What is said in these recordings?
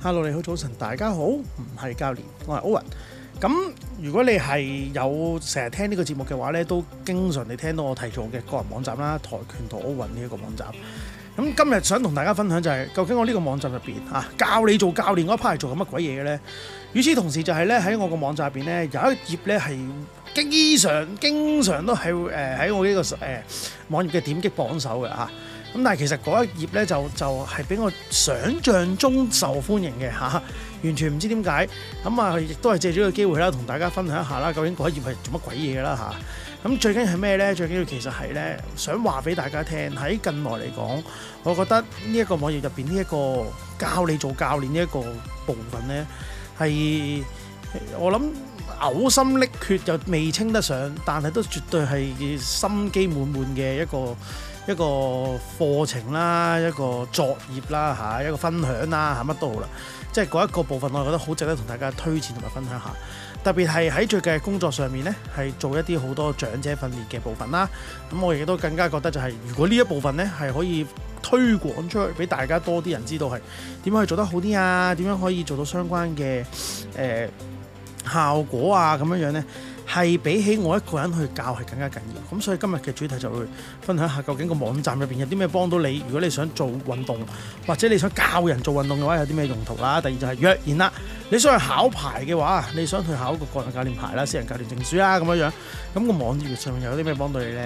Hello，你好早晨，大家好，唔係教練，我係歐雲。咁如果你係有成日聽呢個節目嘅話咧，都經常你聽到我提到嘅個人網站啦，跆拳道歐雲呢一個網站。咁今日想同大家分享就係、是，究竟我呢個網站入邊嚇，教你做教練嗰一 part 做緊乜鬼嘢嘅咧？與此同時就係咧，喺我個網站入邊咧有一頁咧係經常經常都係會喺我呢、呢個誒、呃、網頁嘅點擊榜首嘅嚇。啊。咁但係其實嗰一頁呢就就係比我想象中受歡迎嘅嚇，完全唔知點解。咁啊亦都係借咗個機會啦，同大家分享一下啦，究竟嗰一頁係做乜鬼嘢啦嚇。咁最緊係咩呢？最緊要其實係呢，想話俾大家聽，喺近來嚟講，我覺得呢一個網頁入邊呢一個教你做教練呢一個部分呢，係我諗嘔心瀝血又未稱得上，但係都絕對係心機滿滿嘅一個。一個課程啦，一個作業啦，一個分享啦，嚇乜都好啦，即係嗰一個部分，我覺得好值得同大家推薦同埋分享下。特別係喺最近工作上面呢，係做一啲好多長者訓練嘅部分啦。咁我亦都更加覺得就係、是，如果呢一部分呢，係可以推廣出去，俾大家多啲人知道係點樣去做得好啲啊？點樣可以做到相關嘅、呃、效果啊？咁樣樣呢。係比起我一個人去教係更加緊要，咁所以今日嘅主題就會分享下究竟個網站入邊有啲咩幫到你？如果你想做運動，或者你想教人做運動嘅話，有啲咩用途啦？第二就係若然啦，你想去考牌嘅話，你想去考個個人教練牌啦、私人教練證書啦咁樣樣，咁個網站上面有啲咩幫到你呢？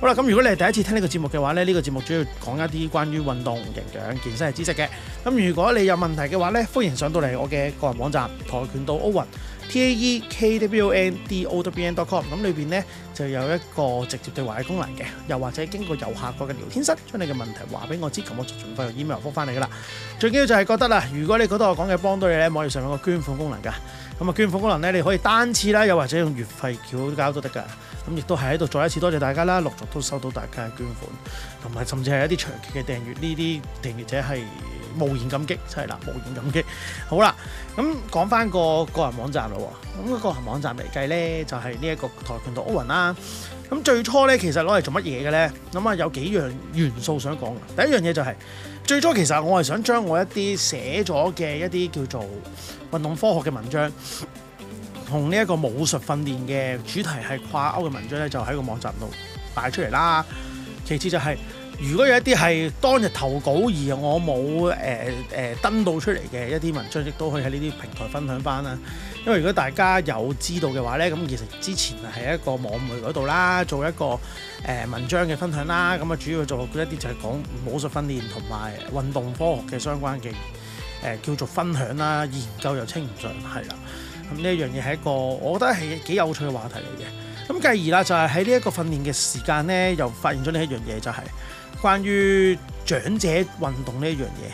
好啦，咁如果你係第一次聽呢個節目嘅話咧，呢個節目主要講一啲關於運動營養、健身嘅知識嘅。咁如果你有問題嘅話呢，歡迎上到嚟我嘅個人網站跆拳道 Owen。T A E K W O N D O W E N dot com，咁裏邊咧就有一個直接對話嘅功能嘅，又或者經過右下角嘅聊天室，將你嘅問題話俾我知，咁我盡快用 email 覆翻你噶啦。最緊要就係覺得啦，如果你覺得我講嘅幫到你咧，網頁上有個捐款功能噶，咁啊捐款功能咧，你可以單次啦，又或者用月費繳交都得噶。咁亦都係喺度再一次多謝大家啦，陸續都收到大家嘅捐款，同埋甚至係一啲長期嘅訂閱呢啲，訂閱者係。無言感激，真係啦，無言感激。好啦，咁講返個個人網站咯。咁、那個個人網站嚟計咧，就係呢一個跆拳道 Owen 啦。咁最初咧，其實攞嚟做乜嘢嘅咧？咁下有幾樣元素想講。第一樣嘢就係、是、最初其實我係想將我一啲寫咗嘅一啲叫做運動科學嘅文章，同呢一個武術訓練嘅主題係跨勾嘅文章咧，就喺個網站度擺出嚟啦。其次就係、是。如果有一啲係當日投稿而我冇誒誒登到出嚟嘅一啲文章，亦都可以喺呢啲平台分享翻啦。因為如果大家有知道嘅話咧，咁其實之前係一個網媒嗰度啦，做一個誒、呃、文章嘅分享啦。咁啊，主要做一啲就係講武術訓練同埋運動科學嘅相關嘅誒、呃、叫做分享啦。研究又稱唔上。係啦。咁、嗯、呢一樣嘢係一個我覺得係幾有趣嘅話題嚟嘅。咁繼而啦，就係、是、喺呢一個訓練嘅時間咧，又發現咗呢一樣嘢就係、是。關於長者運動呢一樣嘢，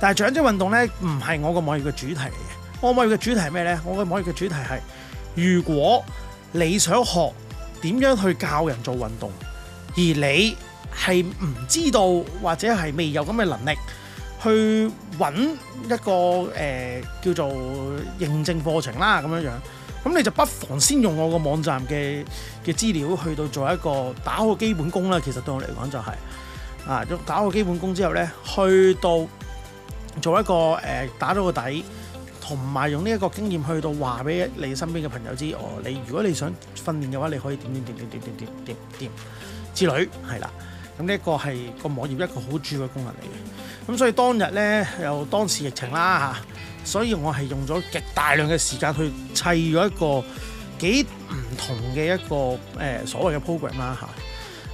但係長者運動呢唔係我個網頁嘅主題嚟嘅。我嘅網頁嘅主題係咩呢？我個網頁嘅主題係，如果你想學點樣去教人做運動，而你係唔知道或者係未有咁嘅能力去揾一個誒、呃、叫做認證課程啦咁樣樣，咁你就不妨先用我個網站嘅嘅資料去到做一個打好基本功啦。其實對我嚟講就係、是。啊！打個基本功之後咧，去到做一個誒打咗個底，同埋用呢一個經驗去到話俾你身邊嘅朋友知哦。你如果你想訓練嘅話，你可以點點點點點點點點之類，係啦。咁呢一個係個網頁一個好主要嘅功能嚟嘅。咁所以當日咧，又當時疫情啦嚇，所以我係用咗極大量嘅時間去砌咗一個幾唔同嘅一個誒所謂嘅 program 啦嚇。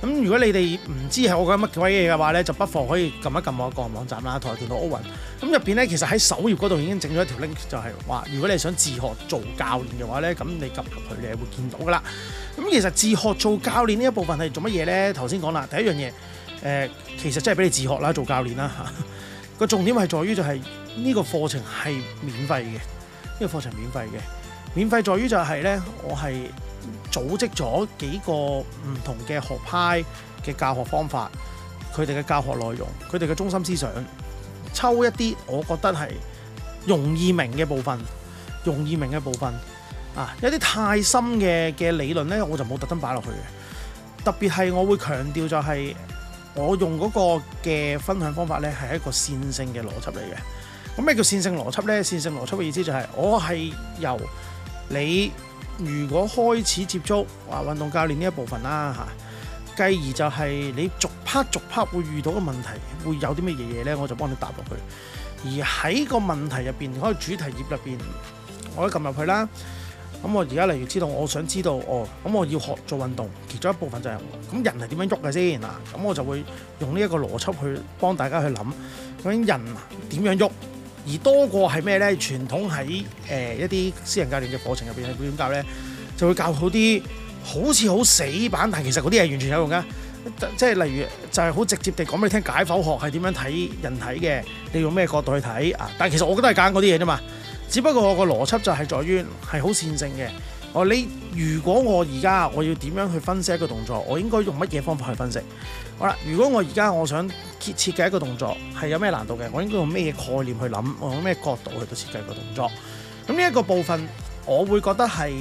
咁如果你哋唔知係我講乜鬼嘢嘅話咧，就不妨可以撳一撳我個網站啦，taekwondowen。咁入邊咧，其實喺首頁嗰度已經整咗一條 link，就係話如果你想自學做教練嘅話咧，咁你撳入去你係會見到噶啦。咁其實自學做教練呢一部分係做乜嘢咧？頭先講啦，第一樣嘢，誒、呃，其實真係俾你自學啦，做教練啦嚇。個重點係在於就係呢個課程係免費嘅，呢個課程免費嘅，免費在於就係咧，我係。組織咗幾個唔同嘅學派嘅教學方法，佢哋嘅教學內容，佢哋嘅中心思想，抽一啲我覺得係容易明嘅部分，容易明嘅部分啊，有一啲太深嘅嘅理論呢，我就冇特登擺落去嘅。特別係我會強調就係我用嗰個嘅分享方法呢，係一個線性嘅邏輯嚟嘅。咁咩叫線性邏輯呢？線性邏輯嘅意思就係我係由你。如果開始接觸話、啊、運動教練呢一部分啦嚇、啊，繼而就係你逐 part 逐 part 會遇到嘅問題，會有啲乜嘢嘢咧，我就幫你答落去。而喺個問題入邊，開、或者、主題頁入邊，我都撳入去啦。咁我而家例如知道，我想知道哦，咁我要學做運動，其中一部分就係、係、咁人係點樣喐嘅先嗱。咁我就會用呢一個邏輯去幫大家去諗，咁人點樣喐？而多過係咩咧？傳統喺誒一啲私人教練嘅課程入邊係會點教咧？就會教好啲好似好死板，但係其實嗰啲係完全有用嘅。即係例如就係好直接地講俾你聽，解剖學係點樣睇人體嘅，你用咩角度去睇啊？但係其實我覺得係揀嗰啲嘢啫嘛。只不過我個邏輯就係在於係好線性嘅。哦，你如果我而家我要點樣去分析一個動作，我應該用乜嘢方法去分析？好啦，如果我而家我想設計一個動作，係有咩難度嘅？我應該用咩概念去諗，我用咩角度去到設計個動作？咁呢一個部分，我會覺得係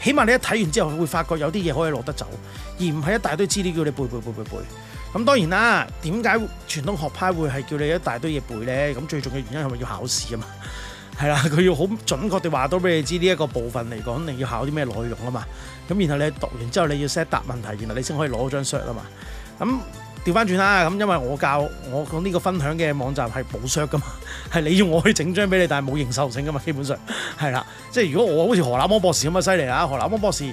起碼你一睇完之後會發覺有啲嘢可以攞得走，而唔係一大堆資料叫你背背背背背背。咁當然啦，點解傳統學派會係叫你一大堆嘢背咧？咁最重要的原因係咪要考試啊嘛？係啦，佢要好準確地話到俾你知呢一個部分嚟講，肯定要考啲咩內容啊嘛。咁然後你讀完之後，你要 set 答問題，然後你先可以攞張 cert 啊嘛。咁調翻轉啦，咁因為我教我講呢個分享嘅網站係補 cert 㗎噶嘛，係你要我去整張俾你，但係冇認受性噶嘛，基本上係啦。即係如果我好似荷蘭芒博士咁嘅犀利啊，荷蘭芒博士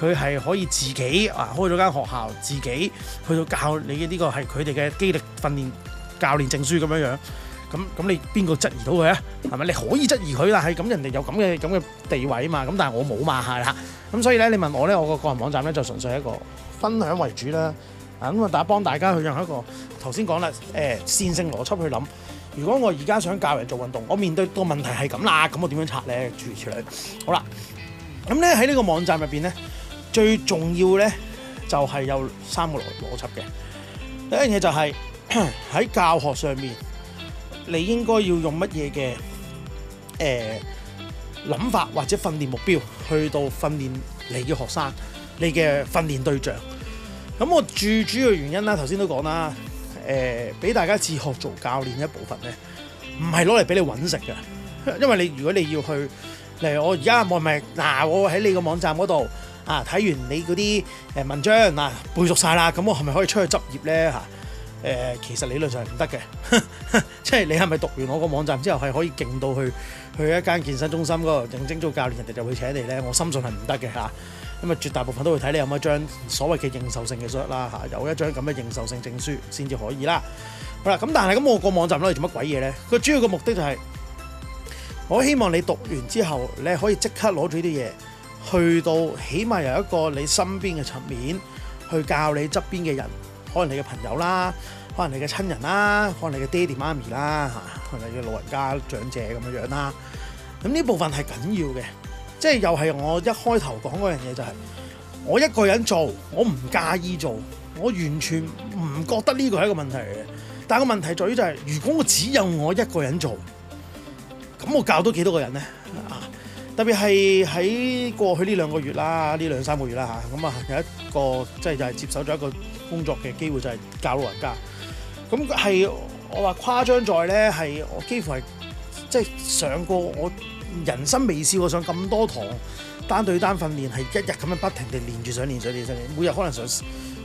佢係可以自己啊開咗間學校，自己去到教你嘅呢個係佢哋嘅肌力訓練教練證書咁樣樣。咁咁你邊個質疑到佢啊？係咪你可以質疑佢啦？係咁人哋有咁嘅咁嘅地位啊嘛。咁但係我冇嘛下啦。咁所以咧，你問我咧，我個個人網站咧就純粹係一個分享為主啦。啊咁啊，我幫大家去用一個頭先講啦。誒、欸、線性邏輯去諗。如果我而家想教人做運動，我面對個問題係咁啦，咁我點樣拆咧？諸如此類。好啦。咁咧喺呢個網站入邊咧，最重要咧就係、是、有三個邏邏輯嘅。第一樣嘢就係、是、喺教學上面。你應該要用乜嘢嘅誒諗法或者訓練目標去到訓練你嘅學生，你嘅訓練對象。咁我最主要原因啦，頭先都講啦，誒、呃、俾大家自學做教練一部分咧，唔係攞嚟俾你揾食嘅。因為你如果你要去例如我而家我係咪嗱，我喺你個網站嗰度啊，睇完你嗰啲誒文章嗱、啊，背熟晒啦，咁我係咪可以出去執業咧嚇？誒、呃，其實理論上係唔得嘅，即係你係咪讀完我個網站之後係可以勁到去去一間健身中心嗰度認證做教練，人哋就會請你呢？我深信係唔得嘅嚇，因為絕大部分都會睇你有冇一張所謂嘅認受性嘅證啦嚇，有一張咁嘅認受性證書先至可以啦。好啦，咁但係咁我個網站攞嚟做乜鬼嘢呢？佢主要嘅目的就係、是、我希望你讀完之後，你可以即刻攞住呢啲嘢去到起碼有一個你身邊嘅層面去教你側邊嘅人。可能你嘅朋友啦，可能你嘅親人啦，可能你嘅爹哋媽咪啦，嚇，可能你嘅老人家長者咁樣樣啦。咁呢部分係緊要嘅，即係又係我一開頭講嗰樣嘢就係，我一個人做，我唔介意做，我完全唔覺得呢個係一個問題嘅。但個問題在於就係，如果我只有我一個人做，咁我教到幾多個人咧？啊！特別係喺過去呢兩個月啦，呢兩三個月啦嚇，咁啊有一個即係就係、是、接手咗一個工作嘅機會，就係、是、教老人家。咁係我話誇張在咧？係我幾乎係即係上過我人生未試過上咁多堂單對單訓練，係一日咁樣不停地連住上連上連上連，每日可能上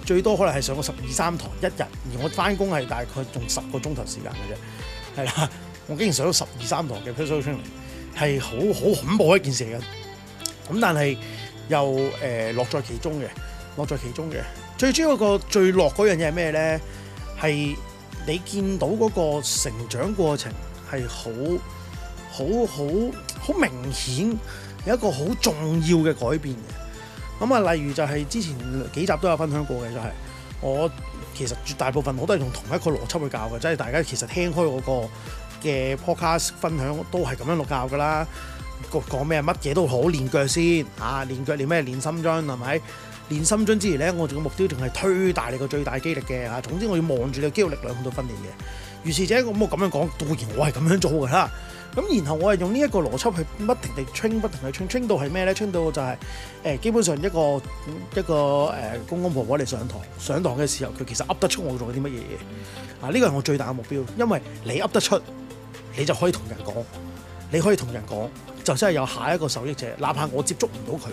最多可能係上個十二三堂一日，而我翻工係大概仲十個鐘頭時，時間嘅啫，係啦，我竟然上咗十二三堂嘅 personal training 係好好恐怖一件事嘅，咁但係又誒樂、呃、在其中嘅，樂在其中嘅。最主要個最樂嗰樣嘢係咩咧？係你見到嗰個成長過程係好好好好明顯，有一個好重要嘅改變嘅。咁、嗯、啊，例如就係之前幾集都有分享過嘅，就係、是、我其實絕大部分我都係用同一個邏輯去教嘅，即、就、係、是、大家其實聽開嗰、那個。嘅 podcast 分享都係咁樣落教㗎啦。個講咩乜嘢都好，練腳先嚇、啊，練腳練咩練心臟係咪？練心臟之前咧，我嘅目標定係推大你個最大肌力嘅嚇、啊。總之我要望住你嘅肌肉力量去到訓練嘅。如是者我咁樣講當然我係咁樣做㗎啦。咁、啊、然後我係用呢一個邏輯去不停地 train，不停去 train，train 到係咩咧？train 到就係、是、誒、呃、基本上一個、嗯、一個誒、呃、公公婆婆嚟上堂上堂嘅時候，佢其實噏得出我做啲乜嘢嘢啊？呢個係我最大嘅目標，因為你噏得出。你就可以同人講，你可以同人講，就真係有下一個受益者。哪怕我接觸唔到佢，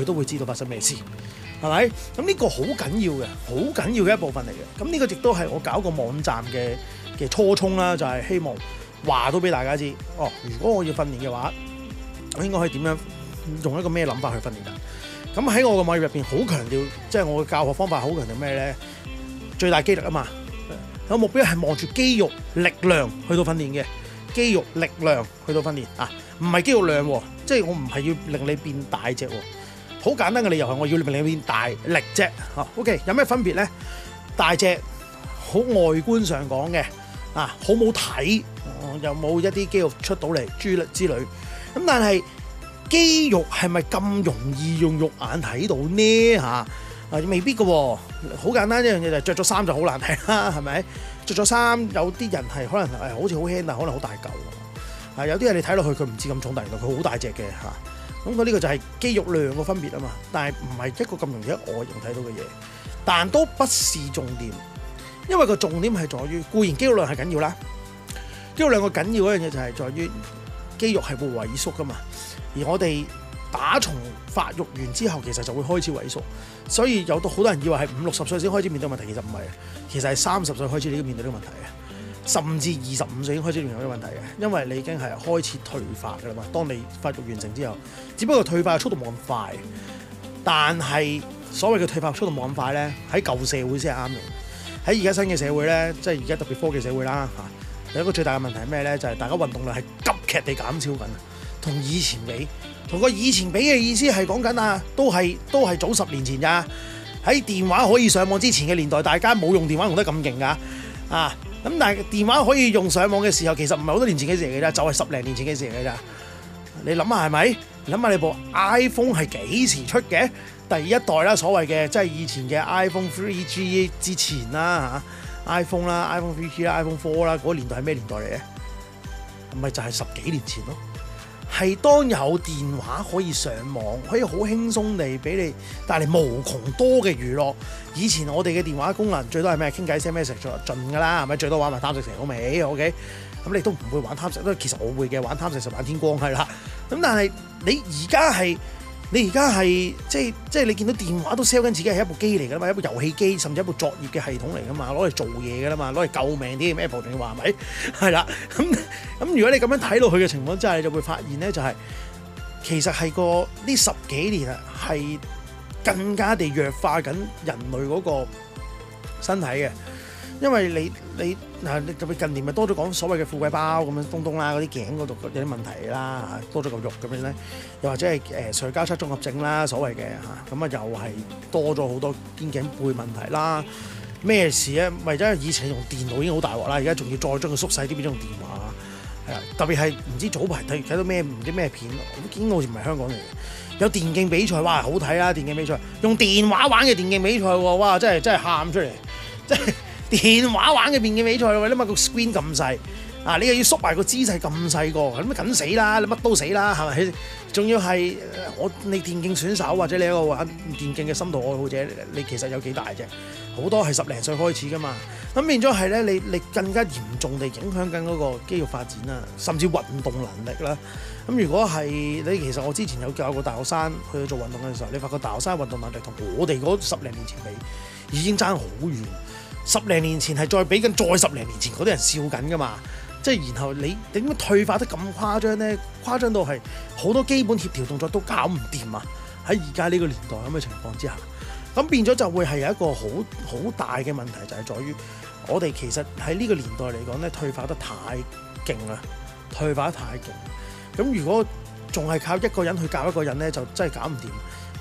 佢都會知道發生咩事，係咪？咁呢個好緊要嘅，好緊要嘅一部分嚟嘅。咁呢個亦都係我搞個網站嘅嘅初衷啦，就係希望話到俾大家知。哦，如果我要訓練嘅話，我應該可以點樣用一個咩諗法去訓練㗎？咁喺我嘅網頁入邊好強調，即係我嘅教學方法好強調咩咧？最大機率啊嘛！有目標係望住肌肉力量去到訓練嘅，肌肉力量去到訓練啊，唔係肌肉量喎，即、啊、係、就是、我唔係要令你變大隻喎，好、啊、簡單嘅理由係我要令你變大力啫，嚇，OK，有咩分別咧？大隻，好外觀上講嘅，啊，好唔好睇，又、嗯、冇一啲肌肉出到嚟，諸律之類，咁、啊、但係肌肉係咪咁容易用肉眼睇到呢？嚇、啊？啊，未必噶喎、啊哎，好簡單一樣嘢就係著咗衫就好難睇啦，係咪？着咗衫有啲人係可能誒好似好輕，但可能好大嚿。啊，有啲人你睇落去佢唔知咁重，但原來佢好大隻嘅嚇。咁佢呢個就係肌肉量嘅分別啊嘛。但係唔係一個咁容易喺外形睇到嘅嘢，但都不是重點，因為個重點係在於固然肌肉量係緊要啦，肌肉量個緊要嗰樣嘢就係在於肌肉係會萎縮噶嘛，而我哋。打從發育完之後，其實就會開始萎縮，所以有好多人以為係五六十歲先開始面對問題，其實唔係，其實係三十歲開始已經面對呢個問題嘅，甚至二十五歲已經開始面對呢個問題嘅，因為你已經係開始退化噶啦嘛。當你發育完成之後，只不過退化速度冇咁快，但係所謂嘅退化速度冇咁快呢，喺舊社會先係啱嘅。喺而家新嘅社會呢，即係而家特別科技社會啦，有一個最大嘅問題係咩呢？就係大家運動量係急劇地減少緊，同以前比。同個以前比嘅意思係講緊啊，都係都係早十年前咋，喺電話可以上網之前嘅年代，大家冇用電話用得咁勁噶啊！咁但係電話可以用上網嘅時候，其實唔係好多年前嘅事嚟嘅啦，就係十零年前嘅事嚟嘅咋。你諗下係咪？諗下你部 iPhone 係幾時出嘅？第一代啦，所謂嘅即係以前嘅 iPhone 3G 之前啦，iPhone 啦，iPhone 3G 啦，iPhone 4啦，嗰年代係咩年代嚟嘅？唔係就係十幾年前咯。係當有電話可以上網，可以好輕鬆地俾你帶嚟無窮多嘅娛樂。以前我哋嘅電話功能最多係咩傾偈、寫咩食咗盡㗎啦，係咪最多玩埋貪食蛇好味？OK，咁你都唔會玩貪食，因為其實我會嘅玩貪食蛇玩天光係啦。咁但係你而家係。你而家係即係即係你見到電話都 sell 緊，自己係一部機嚟噶嘛，一部遊戲機，甚至一部作業嘅系統嚟噶嘛，攞嚟做嘢噶啦嘛，攞嚟救命啲 Apple 仲要話係咪？係啦，咁咁、嗯嗯、如果你咁樣睇落去嘅情況之下，你就會發現咧、就係，就係其實係個呢十幾年呀係更加地弱化緊人類嗰個身體嘅。因為你你嗱特別近年咪多咗講所謂嘅富貴包咁樣東東啦，嗰啲頸嗰度有啲問題啦，多咗嚿肉咁樣咧，又或者係誒上交叉綜合症啦，所謂嘅嚇，咁啊又係多咗好多肩頸背問題啦。咩事咧？為咗以前用電腦已經好大鑊啦，而家仲要再將佢縮細啲，變咗用電話。係啊，特別係唔知早排睇睇到咩唔知咩片，我覺得我好似唔係香港嚟嘅，有電競比賽，哇，好睇啦！電競比賽用電話玩嘅電競比賽，哇，真係真係喊出嚟，真係～真電話玩嘅電競比賽，你諗下個 screen 咁細，啊你又要縮埋個姿勢咁細個，咁梗死啦，你乜都死啦，係咪？仲要係我你電競選手或者你一個玩電競嘅深度愛好者，你其實有幾大啫？好多係十零歲開始噶嘛，咁變咗係咧，你你更加嚴重地影響緊嗰個肌肉發展啊，甚至運動能力啦。咁如果係你其實我之前有教過大學生去做運動嘅時候，你發覺大學生運動能力同我哋嗰十零年前比已經差好遠。十零年前係再俾緊，再十零年前嗰啲人笑緊㗎嘛，即係然後你點解退化得咁誇張呢？誇張到係好多基本協調動作都搞唔掂啊！喺而家呢個年代咁嘅情況之下，咁變咗就會係有一個好好大嘅問題，就係在於我哋其實喺呢個年代嚟講呢，退化得太勁啦，退化得太勁。咁如果仲係靠一個人去教一個人呢，就真係搞唔掂。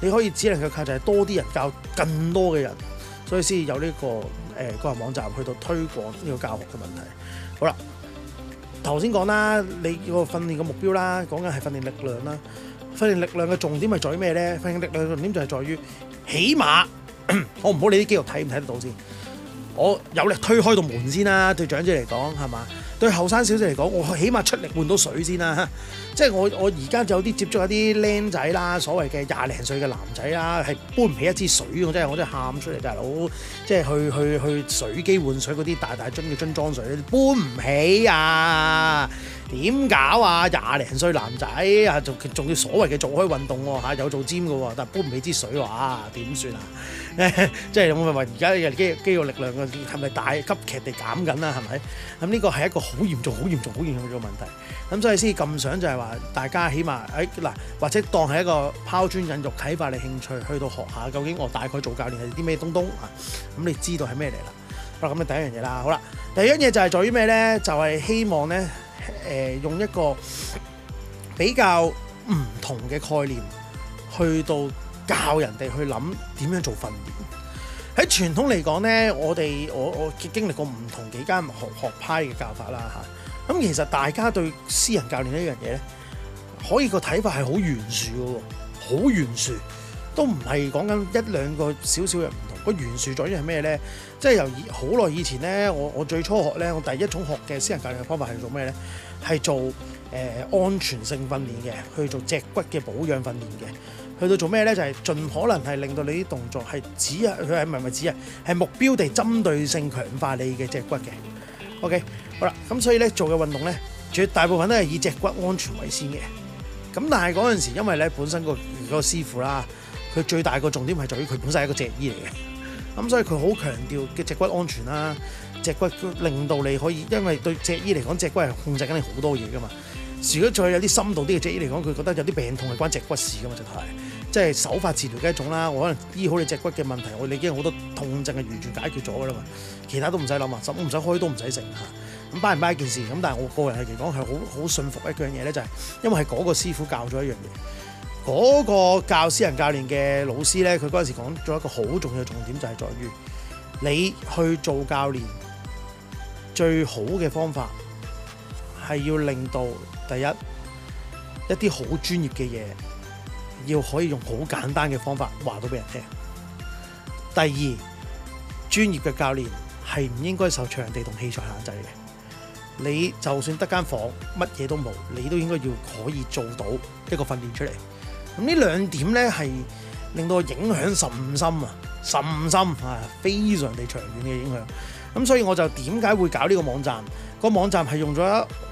你可以只能夠靠就係多啲人教更多嘅人，所以先有呢個。誒、呃，那個人網站去到推廣呢個教學嘅問題。好啦，頭先講啦，你個訓練嘅目標啦，講緊係訓練力量啦，訓練力量嘅重點係在於咩咧？訓練力量嘅重點就係在於，起碼我唔好理啲肌肉睇唔睇得到先，我有力推開道門先啦，對長者嚟講係嘛？是對後生小姐嚟講，我起碼出力換到水先啦，即係我我而家就有啲接觸下啲僆仔啦，所謂嘅廿零歲嘅男仔啦，係搬唔起一支水，我真係我真係喊出嚟，大佬即係去去去水機換水嗰啲大大樽嘅樽裝水，搬唔起啊？點搞啊？廿零歲男仔啊，仲仲要所謂嘅做開運動喎，有做尖嘅喎，但搬唔起支水喎啊？點算啊？即係我咪話，而家嘅肌肉肌肉力量嘅係咪大急劇地減緊啦？係咪？咁呢個係一個好嚴重、好嚴重、好嚴重嘅問題。咁所以先咁想就係話，大家起碼喺嗱、哎，或者當係一個拋磚引玉、啟發你興趣，去到學下究竟我大概做教練係啲咩東東啊？咁你知道係咩嚟啦？咁嘅第一樣嘢啦。好啦，第二樣嘢就係在於咩咧？就係、是、希望咧，誒、呃、用一個比較唔同嘅概念去到。教人哋去諗點樣做訓練。喺傳統嚟講呢，我哋我我經歷過唔同幾間學學派嘅教法啦，吓。咁其實大家對私人教練呢樣嘢呢，可以個睇法係好懸殊嘅喎，好懸殊都唔係講緊一兩個少少嘅唔同。個懸殊在於係咩呢？即係由以好耐以前呢，我我最初學呢，我第一種學嘅私人教練嘅方法係做咩呢？係做、呃、安全性訓練嘅，去做脊骨嘅保養訓練嘅。去到做咩咧？就係、是、盡可能係令到你啲動作係指啊，佢係係咪指啊？係目標地針對性強化你嘅脊骨嘅。OK，好啦，咁所以咧做嘅運動咧，最大部分都係以脊骨安全為先嘅。咁但係嗰陣時，因為咧本身個個師傅啦，佢最大個重點係在於佢本身係一個脊醫嚟嘅。咁所以佢好強調嘅脊骨安全啦，脊骨令到你可以，因為對脊醫嚟講，脊骨係控制緊你好多嘢噶嘛。如果再有啲深度啲嘅脊醫嚟講，佢覺得有啲病痛係關脊骨事噶嘛，就係、是。即係手法治療嘅一種啦，我可能醫好你脊骨嘅問題，我哋已經好多痛症係完全解決咗㗎啦嘛，其他都唔使諗啊，什唔使開都唔使，都唔使剩嚇，咁擺唔擺一件事咁？但係我個人係嚟講係好好信服的一樣嘢咧，就係、是、因為係嗰個師傅教咗一樣嘢，嗰、嗰個教私人教練嘅老師咧，佢嗰陣時講咗一個好重要嘅重點，就係在於你去做教練最好嘅方法係要令到第一一啲好專業嘅嘢。要可以用好簡單嘅方法話到俾人聽。第二，專業嘅教練係唔應該受場地同器材限制嘅。你就算得間房，乜嘢都冇，你都應該要可以做到一個訓練出嚟。咁呢兩點呢，係令到影響甚深啊，甚深啊，非常地長遠嘅影響。咁所以我就點解會搞呢個網站？個網站係用咗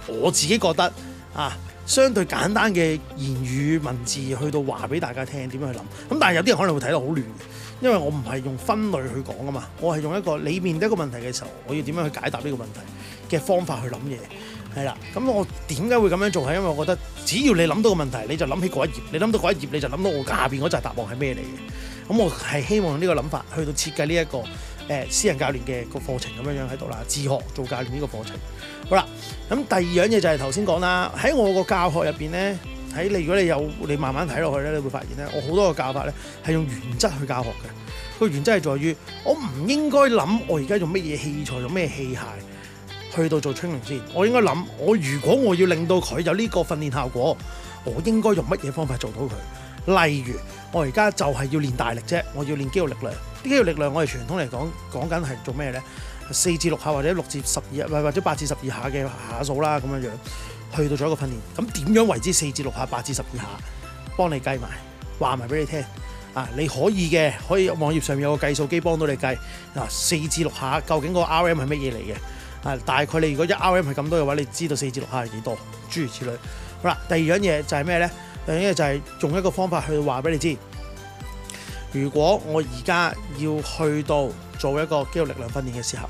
我自己覺得啊。相對簡單嘅言語文字去到話俾大家聽點樣去諗，咁但係有啲人可能會睇到好亂，因為我唔係用分類去講啊嘛，我係用一個裏面的一個問題嘅時候，我要點樣去解答呢個問題嘅方法去諗嘢，係啦，咁我點解會咁樣做係因為我覺得只要你諗到個問題，你就諗起嗰一頁，你諗到嗰一頁你就諗到我下邊嗰隻答案係咩嚟嘅，咁我係希望呢個諗法去到設計呢、這、一個。誒私人教練嘅個課程咁樣樣喺度啦，自學做教練呢個課程，好啦。咁第二樣嘢就係頭先講啦，喺我個教學入邊咧，喺你如果你有你慢慢睇落去咧，你會發現咧，我好多嘅教法咧係用原則去教學嘅。個原則係在於，我唔應該諗我而家用乜嘢器材、用咩器械去到做青龍先。我應該諗我如果我要令到佢有呢個訓練效果，我應該用乜嘢方法做到佢。例如，我而家就係要練大力啫，我要練肌肉力量。啲肌肉力量，我哋傳統嚟講，講緊係做咩咧？四至六下或者六至十二，唔或者八至十二下嘅下數啦，咁樣樣去到咗一個訓練。咁點樣為之四至六下、八至十二下？幫你計埋，話埋俾你聽。啊，你可以嘅，可以網頁上面有個計數機幫到你計。啊，四至六下究竟個 RM 係乜嘢嚟嘅？啊，大概你如果一 RM 係咁多嘅話，你就知道四至六下係幾多，多？諸如此類。好啦，第二樣嘢就係咩咧？第一就係用一個方法去話俾你知，如果我而家要去到做一個肌肉力量訓練嘅時候，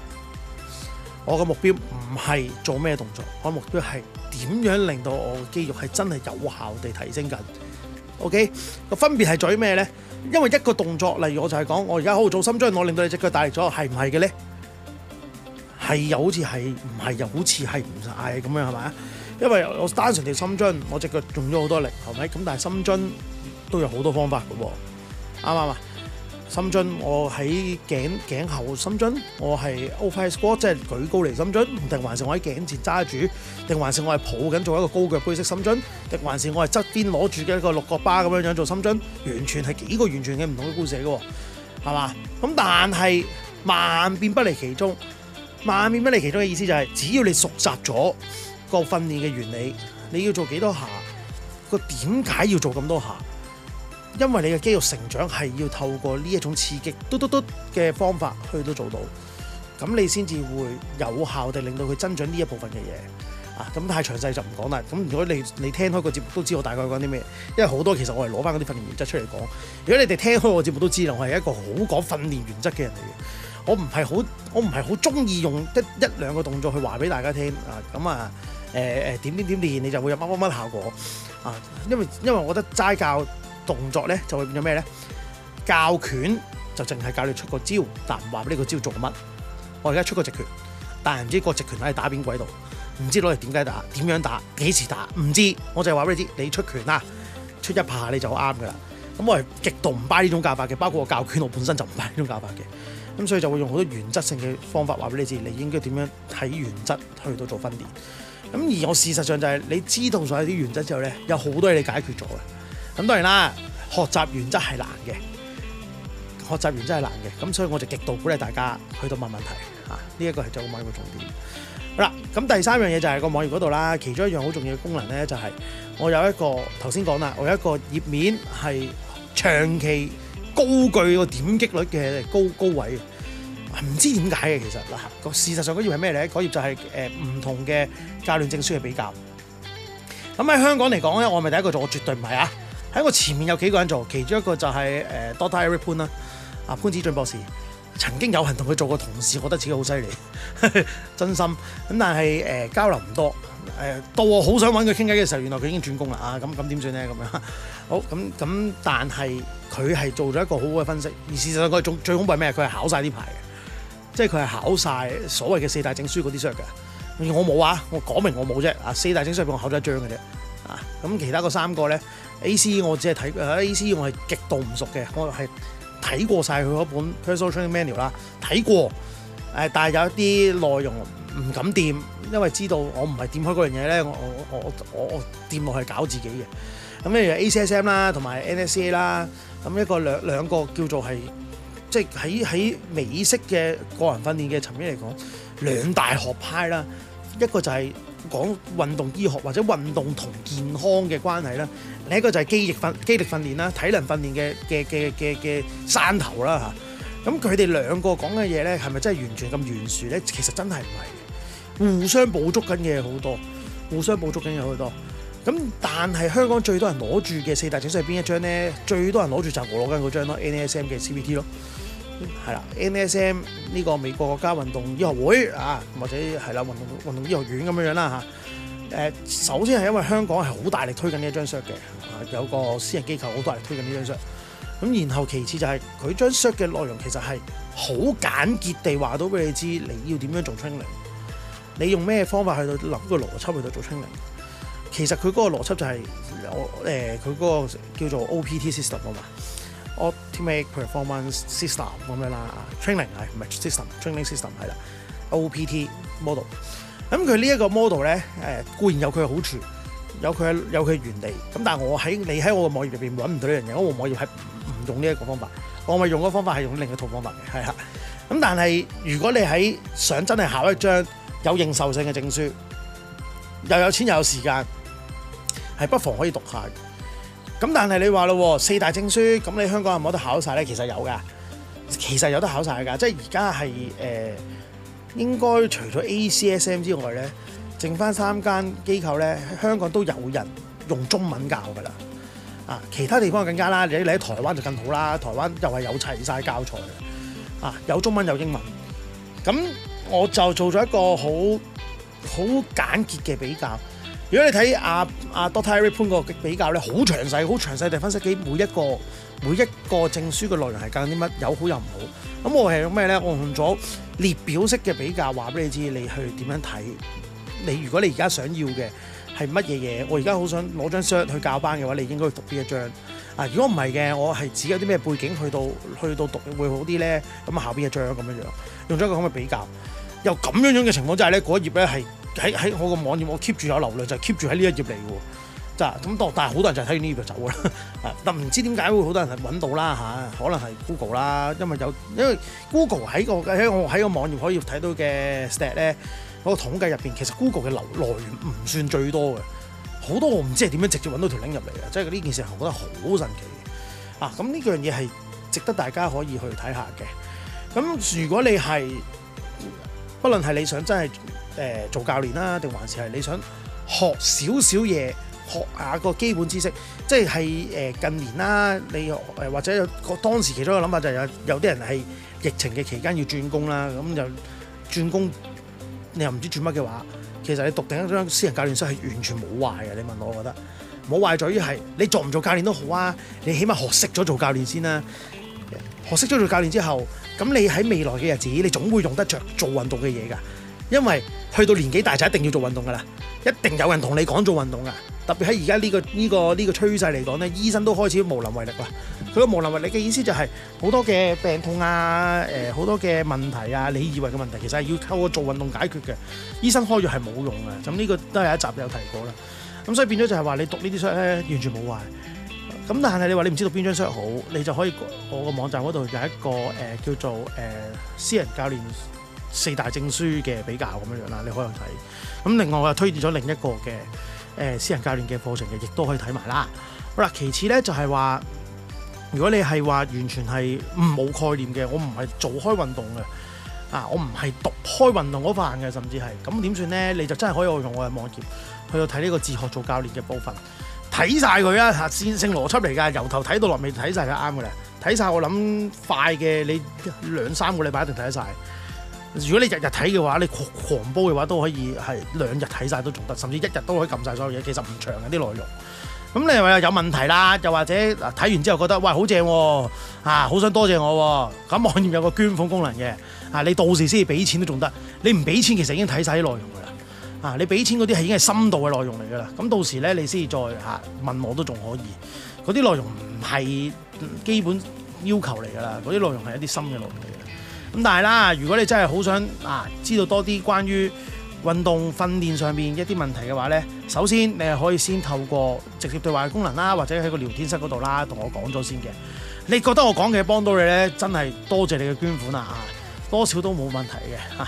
我嘅目標唔係做咩動作，我嘅目標係點樣令到我嘅肌肉係真係有效地提升緊。OK，個分別係在於咩呢？因為一個動作，例如我就係講我而家好好做深蹲，我令到你隻腳大力咗，係唔係嘅呢？係，又好似係，唔係，又好似係唔係咁樣係嘛？因為我單純條深蹲，我隻腳用咗好多力，係咪？咁但係深蹲都有好多方法嘅喎，啱唔啱啊？深蹲我喺頸頸後深蹲，我係 overhead squat，即係舉高嚟深蹲，定還是我喺頸前揸住，定還是我係抱緊做一個高腳杯式深蹲，定還是我係側邊攞住一個六角巴咁樣樣做深蹲，完全係幾個完全嘅唔同嘅故事嘅喎，係嘛？咁但係萬變不離其宗，萬變不離其宗嘅意思就係、是、只要你熟習咗。個訓練嘅原理，你要做幾多下？個點解要做咁多下？因為你嘅肌肉成長係要透過呢一種刺激，嘟嘟嘟嘅方法去到做到，咁你先至會有效地令到佢增長呢一部分嘅嘢。啊，咁太詳細就唔講啦。咁如果你你聽開個節目都知道我大概講啲咩，因為好多其實我係攞翻嗰啲訓練原則出嚟講。如果你哋聽開我節目都知道，我係一個好講訓練原則嘅人嚟嘅。我唔係好，我唔係好中意用一一兩個動作去話俾大家聽。啊，咁啊～誒誒、呃呃、點點點練，你就會有乜乜乜效果啊？因為因為我覺得齋教動作咧，就會變咗咩咧？教拳就淨係教你出個招，但唔話俾呢個招做乜。我而家出個直拳，但係唔知個直拳喺打邊鬼度，唔知攞嚟點解打，點樣打，幾時打，唔知。我就係話俾你知，你出拳啦，出一拍下你就啱噶啦。咁我係極度唔 buy 呢種教法嘅，包括我教拳，我本身就唔 buy 呢種教法嘅。咁所以就會用好多原則性嘅方法話俾你知，你應該點樣睇原則去到做訓練。咁而我事實上就係、是、你知道所有啲原則之後咧，有好多嘢你解決咗嘅。咁當然啦，學習原則係難嘅，學習原則係難嘅。咁所以我就極度鼓勵大家去到問問題嚇，呢、啊、一、這個係最重要一個重點。好啦，咁第三樣嘢就係個網頁嗰度啦。其中一樣好重要嘅功能咧、就是，就係我有一個頭先講啦，我有一個頁面係長期高踞個點擊率嘅高高位。唔知點解嘅，其實嗱個事實上嗰頁係咩咧？嗰頁就係誒唔同嘅教練證書嘅比較。咁喺香港嚟講咧，我咪第一個做，我絕對唔係啊。喺我前面有幾個人做，其中一個就係誒 Doctor Harry Poon 啦。呃、oon，啊潘子俊博士曾經有幸同佢做過同事，覺得自己好犀利，真心咁。但係誒、呃、交流唔多，誒、呃、到我好想揾佢傾偈嘅時候，原來佢已經轉工啦啊！咁咁點算咧？咁樣好咁咁，但係佢係做咗一個很好好嘅分析。而事實上佢做最恐怖係咩？佢係考晒啲牌嘅。即係佢係考晒所謂嘅四大證書嗰啲 shut 嘅，我冇啊！我講明我冇啫。啊，四大證書我考咗一張嘅啫。啊，咁其他嗰三個咧，AC 我只係睇，AC 我係極度唔熟嘅。我係睇過晒佢嗰本 Personal Training Manual 啦，睇過。誒，但係有一啲內容唔敢掂，因為知道我唔係掂開嗰樣嘢咧。我我我我我掂落去搞自己嘅。咁例如，A C S M 啦，同埋 N S A 啦，咁一個兩兩個叫做係。即係喺喺美式嘅個人訓練嘅層面嚟講，兩大學派啦，一個就係講運動醫學或者運動同健康嘅關係啦，另一個就係肌力訓肌力訓練啦、體能訓練嘅嘅嘅嘅嘅山頭啦嚇。咁佢哋兩個講嘅嘢咧，係咪真係完全咁懸殊咧？其實真係唔係，互相補足緊嘅好多，互相補足緊嘅好多。咁但係香港最多人攞住嘅四大證書係邊一張咧？最多人攞住就我攞緊嗰張咯 NASM 嘅 CPT 咯，係啦 NASM 呢個美國國家運動醫學會啊，或者係啦運,運動醫學院咁樣樣啦、啊、首先係因為香港係好大力推緊呢張 cert 嘅、啊，有個私人機構好大力推緊呢張 cert。咁然後其次就係佢張 cert 嘅內容其實係好簡潔地話到俾你知，你要點樣做 training，你用咩方法去到諗個邏輯去到做 training。其實佢嗰個邏輯就係我誒佢嗰個叫做 OPT system 啊嘛 Optimum Performance System 咁樣啦，training 係，唔係 system，training system 係啦，OPT model。咁佢呢一個 model 咧，誒固然有佢嘅好處，有佢有佢嘅原理。咁但係我喺，你喺我嘅網頁入邊揾唔到呢樣嘢，我個網頁係唔用呢一個方法，我咪用嘅方法係用另一套方法嘅，係啦。咁但係如果你喺想真係考一張有認受性嘅證書，又有錢又有時間。係不妨可以讀下嘅，咁但係你話咯，四大證書，咁你香港有冇得考晒咧？其實有㗎，其實有得考晒㗎。即係而家係誒，應該除咗 ACSM 之外咧，剩翻三間機構咧，香港都有人用中文教㗎啦。啊，其他地方更加啦，你你喺台灣就更好啦，台灣又係有齊晒教材嘅，啊，有中文有英文。咁我就做咗一個好好簡潔嘅比較。如果你睇阿阿 Doctor Eric 潘個比較咧，好詳細，好詳細地分析幾每一個每一個證書嘅內容係講緊啲乜，有好有唔好。咁我係用咩咧？我用咗列表式嘅比較，話俾你知你去點樣睇。你，你如果你而家想要嘅係乜嘢嘢，我而家好想攞張 cert 去教班嘅話，你應該去讀邊一張？啊，如果唔係嘅，我係指有啲咩背景去到去到讀會好啲咧？咁啊，下邊一張咁樣樣，用咗一個咁嘅比較。又咁樣樣嘅情況就係咧，嗰頁咧係。喺喺我個網頁，我 keep 住有流量就係 keep 住喺呢一頁嚟嘅，咋，咁多。但係好多人就睇完呢頁就走啦。啊，但唔知點解會好多人揾到啦嚇，可能係 Google 啦，因為有因為 Google 喺個喺我喺個網頁可以睇到嘅 stat 咧，嗰個統計入邊其實 Google 嘅流來源唔算最多嘅，好多我唔知係點樣直接揾到條 link 入嚟嘅，即係呢件事我覺得好神奇啊！咁呢樣嘢係值得大家可以去睇下嘅。咁如果你係，不論係你想真係。誒、呃、做教練啦，定還是係你想學少少嘢，學下個基本知識，即係誒、呃、近年啦，你誒或者有個當時其中一個諗法就係有有啲人係疫情嘅期間要轉工啦，咁就轉工你又唔知轉乜嘅話，其實你讀定一張私人教練書係完全冇壞嘅。你問我，我覺得冇壞在於係你做唔做教練都好啊，你起碼學識咗做教練先啦，學識咗做教練之後，咁你喺未來嘅日子你總會用得着做運動嘅嘢㗎。因為去到年紀大就一定要做運動噶啦，一定有人同你講做運動噶，特別喺而家呢個呢個呢個趨勢嚟講咧，醫生都開始無能為力啦。佢個無能為力嘅意思就係好多嘅病痛啊，誒，好多嘅問題啊，你以為嘅問題，其實係要靠我做運動解決嘅。醫生開藥係冇用嘅，咁呢個都係一集有提過啦。咁所以變咗就係話你讀呢啲書咧完全冇壞。咁但係你話你唔知道邊張書好，你就可以我個網站嗰度有一個誒叫做誒私人教練。四大證書嘅比較咁樣樣啦，你可以去睇。咁另外我又推薦咗另一個嘅誒、呃、私人教練嘅課程嘅，亦都可以睇埋啦。好啦，其次咧就係、是、話，如果你係話完全係唔冇概念嘅，我唔係做開運動嘅，啊，我唔係讀開運動嗰範嘅，甚至係咁點算咧？你就真係可以用我嘅網頁去到睇呢個自學做教練嘅部分，睇晒佢啊！線性邏輯嚟㗎，由頭睇到落尾睇晒都啱㗎啦。睇晒、啊、我諗快嘅，你兩三個禮拜一定睇得晒。如果你日日睇嘅話，你狂煲嘅話都可以係兩日睇晒都仲得，甚至一日都可以撳晒所有嘢。其實唔長嘅啲內容。咁你話有問題啦，又或者睇完之後覺得喂好正喎，啊好想多謝我、啊。咁網頁有個捐款功能嘅，啊你到時先至俾錢都仲得。你唔俾錢其實已經睇晒啲內容㗎啦，啊你俾錢嗰啲係已經係深度嘅內容嚟㗎啦。咁到時咧你先至再嚇、啊、問我都仲可以。嗰啲內容唔係基本要求嚟㗎啦，嗰啲內容係一啲深嘅內容嚟。咁但係啦，如果你真係好想啊知道多啲關於運動訓練上面一啲問題嘅話呢，首先你係可以先透過直接對話嘅功能啦，或者喺個聊天室嗰度啦，同我講咗先嘅。你覺得我講嘅幫到你呢，真係多謝你嘅捐款啦，啊，多少都冇問題嘅吓。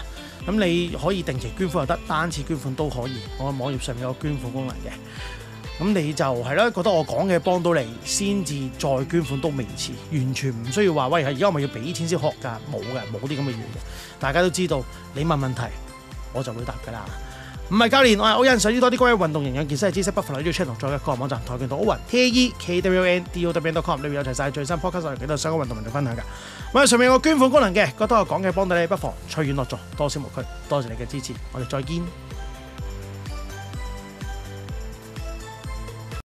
咁，啊，你可以定期捐款又得，單次捐款都可以。我網頁上面有個捐款功能嘅。咁你就係啦，覺得我講嘅幫到你，先至再捐款都未遲，完全唔需要話喂，而家我咪要俾錢先學㗎，冇嘅，冇啲咁嘅嘢嘅。大家都知道，你問問題，我就會答㗎啦。唔係教練，我係 Owen，想知多啲關於運動營養、健身嘅知識，不妨留意呢個 channel 同埋我個人網站跆拳道 Owen T A E K W O N D O W E N dot com，裏面有齊晒最新 Podcast 幾多相關運動文章分享㗎。喂，上面有個捐款功能嘅，覺得我講嘅幫到你，不妨隨緣落座，多少無拘，多謝你嘅支持，我哋再見。